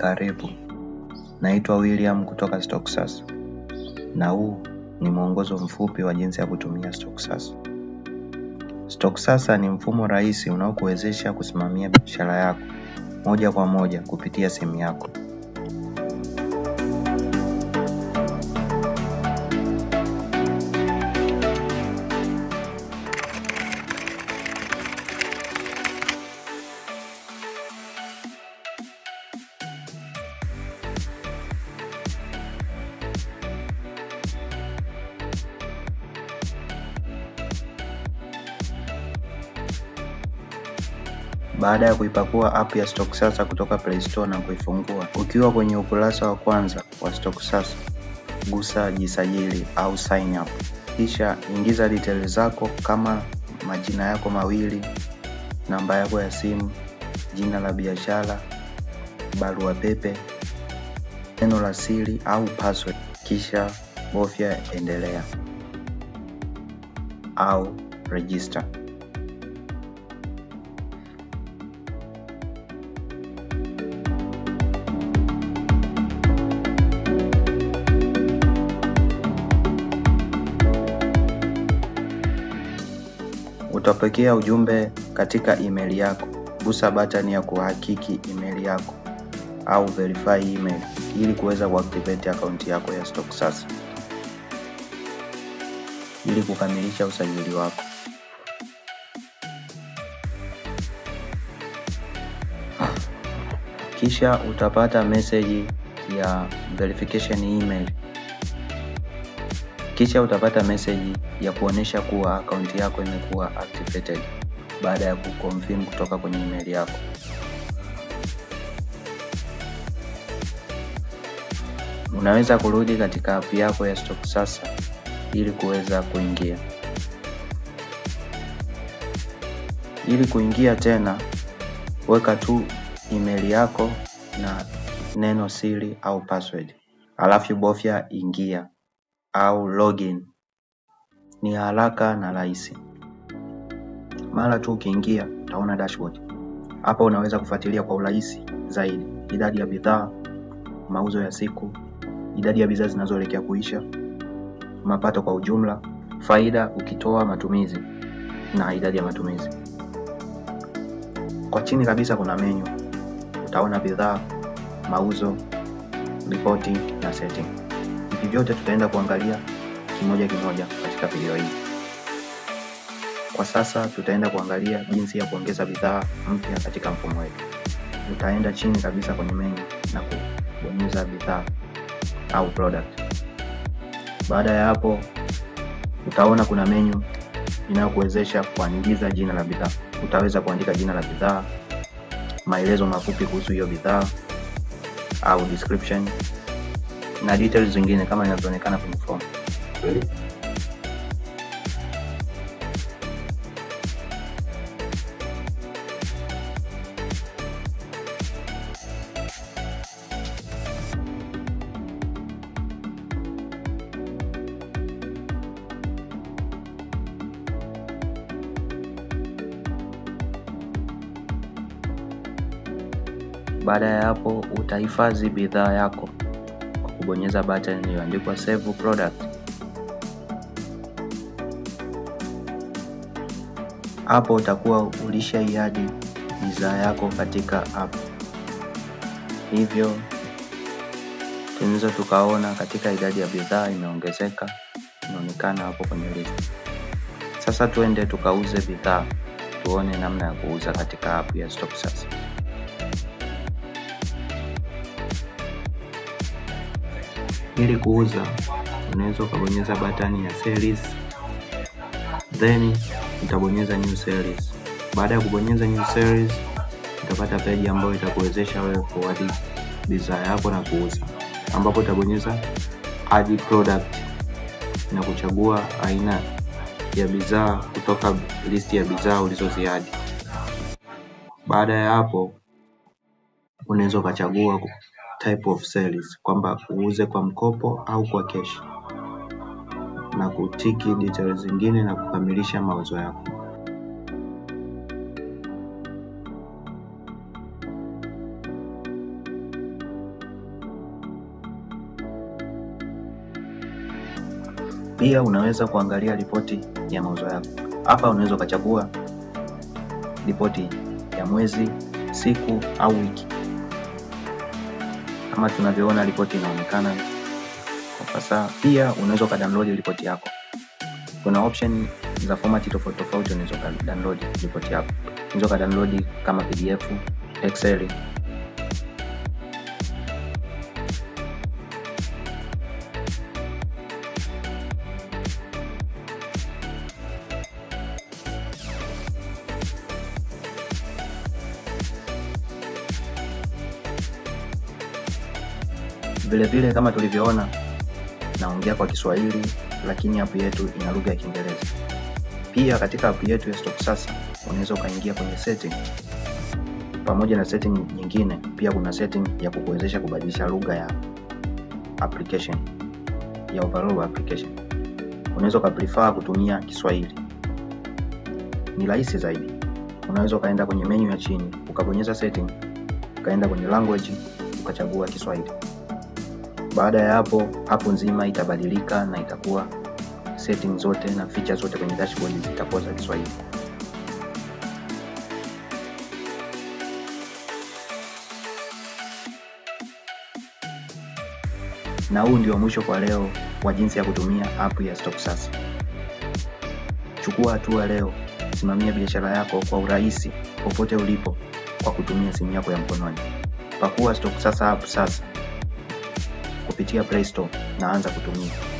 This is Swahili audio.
Karibu. Naitwa William kutoka StockSasa na huu ni mwongozo mfupi wa jinsi ya kutumia StockSasa. StockSasa ni mfumo rahisi unaokuwezesha kusimamia biashara yako moja kwa moja kupitia simu yako. Baada ya kuipakua app ya sasa kutoka Play Store na kuifungua, ukiwa kwenye ukurasa wa kwanza wa Sasa, gusa jisajili au sign up, kisha ingiza details zako kama majina yako mawili, namba yako ya simu, jina la biashara, barua pepe, neno la siri au password, kisha bofya endelea au register. Utapokea ujumbe katika email yako. Gusa button ya kuhakiki email yako au verify email ili kuweza kuactivate akaunti yako ya sasa ili kukamilisha usajili wako. Kisha utapata meseji ya verification email. Kisha utapata message ya kuonyesha kuwa akaunti yako imekuwa activated baada ya kuconfirm kutoka kwenye email yako. Unaweza kurudi katika app yako ya sasa ili kuweza kuingia. Ili kuingia tena, weka tu email yako na neno siri au password, alafu bofya ingia au login ni haraka na rahisi. Mara tu ukiingia utaona dashboard. Hapa unaweza kufuatilia kwa urahisi zaidi idadi ya bidhaa, mauzo ya siku, idadi ya bidhaa zinazoelekea kuisha, mapato kwa ujumla, faida ukitoa matumizi na idadi ya matumizi. Kwa chini kabisa kuna menyu, utaona bidhaa, mauzo, ripoti na setting. Hivi vyote tutaenda kuangalia kimoja kimoja katika video hii. Kwa sasa tutaenda kuangalia jinsi ya kuongeza bidhaa mpya katika mfumo wetu. Tutaenda chini kabisa kwenye menu na kubonyeza bidhaa au product. Baada ya hapo, utaona kuna menu inayokuwezesha kuandika jina la bidhaa. Utaweza kuandika jina la bidhaa, maelezo mafupi kuhusu hiyo bidhaa au description na details zingine kama inavyoonekana kwenye form. Baada ya hapo utahifadhi bidhaa yako kwa kubonyeza button iliyoandikwa save product. Hapo utakuwa ulishaiadi bidhaa yako katika app. Hivyo tunaweza tukaona katika idadi ya bidhaa imeongezeka, inaonekana hapo kwenye list. Sasa tuende tukauze bidhaa, tuone namna ya kuuza katika app ya StockSasa. Ili kuuza unaweza ukabonyeza batani ya sales, then utabonyeza new sales. Baada ya kubonyeza new sales, utapata peji ambayo itakuwezesha wewe kuadi bidhaa yako na kuuza, ambapo utabonyeza add product na kuchagua aina ya bidhaa kutoka listi ya bidhaa ulizoziadi. Baada ya hapo unaweza ukachagua type of sales kwamba uuze kwa mkopo au kwa keshi na kutiki details zingine na kukamilisha mauzo yako. Pia unaweza kuangalia ripoti ya mauzo yako. Hapa unaweza ukachagua ripoti ya mwezi, siku au wiki kama tunavyoona ripoti inaonekana kwasa Pia unaweza ukadownload ripoti yako, kuna option za fomati tofauti tofauti. Unaweza ukadownload ripoti yako, unaweza ukadownload kama PDF, Excel Vilevile kama tulivyoona, naongea kwa Kiswahili lakini app yetu ina lugha ya Kiingereza. Pia katika app yetu ya sasa unaweza ukaingia kwenye setting. Pamoja na setting nyingine, pia kuna setting ya kukuwezesha kubadilisha lugha ya application ya overall application. Unaweza ukaprefer kutumia Kiswahili, ni rahisi zaidi. Unaweza ukaenda kwenye menu ya chini ukabonyeza setting, ukaenda kwenye language ukachagua Kiswahili. Baada ya hapo, hapo nzima itabadilika na itakuwa setting zote na feature zote kwenye dashboard zitakuwa za Kiswahili. Na huu ndio mwisho kwa leo wa jinsi ya kutumia app ya sasa Chukua hatua leo, simamia biashara yako kwa urahisi popote ulipo kwa kutumia simu yako ya mkononi. Pakua sasa app sasa kupitia Play Store na anza kutumia.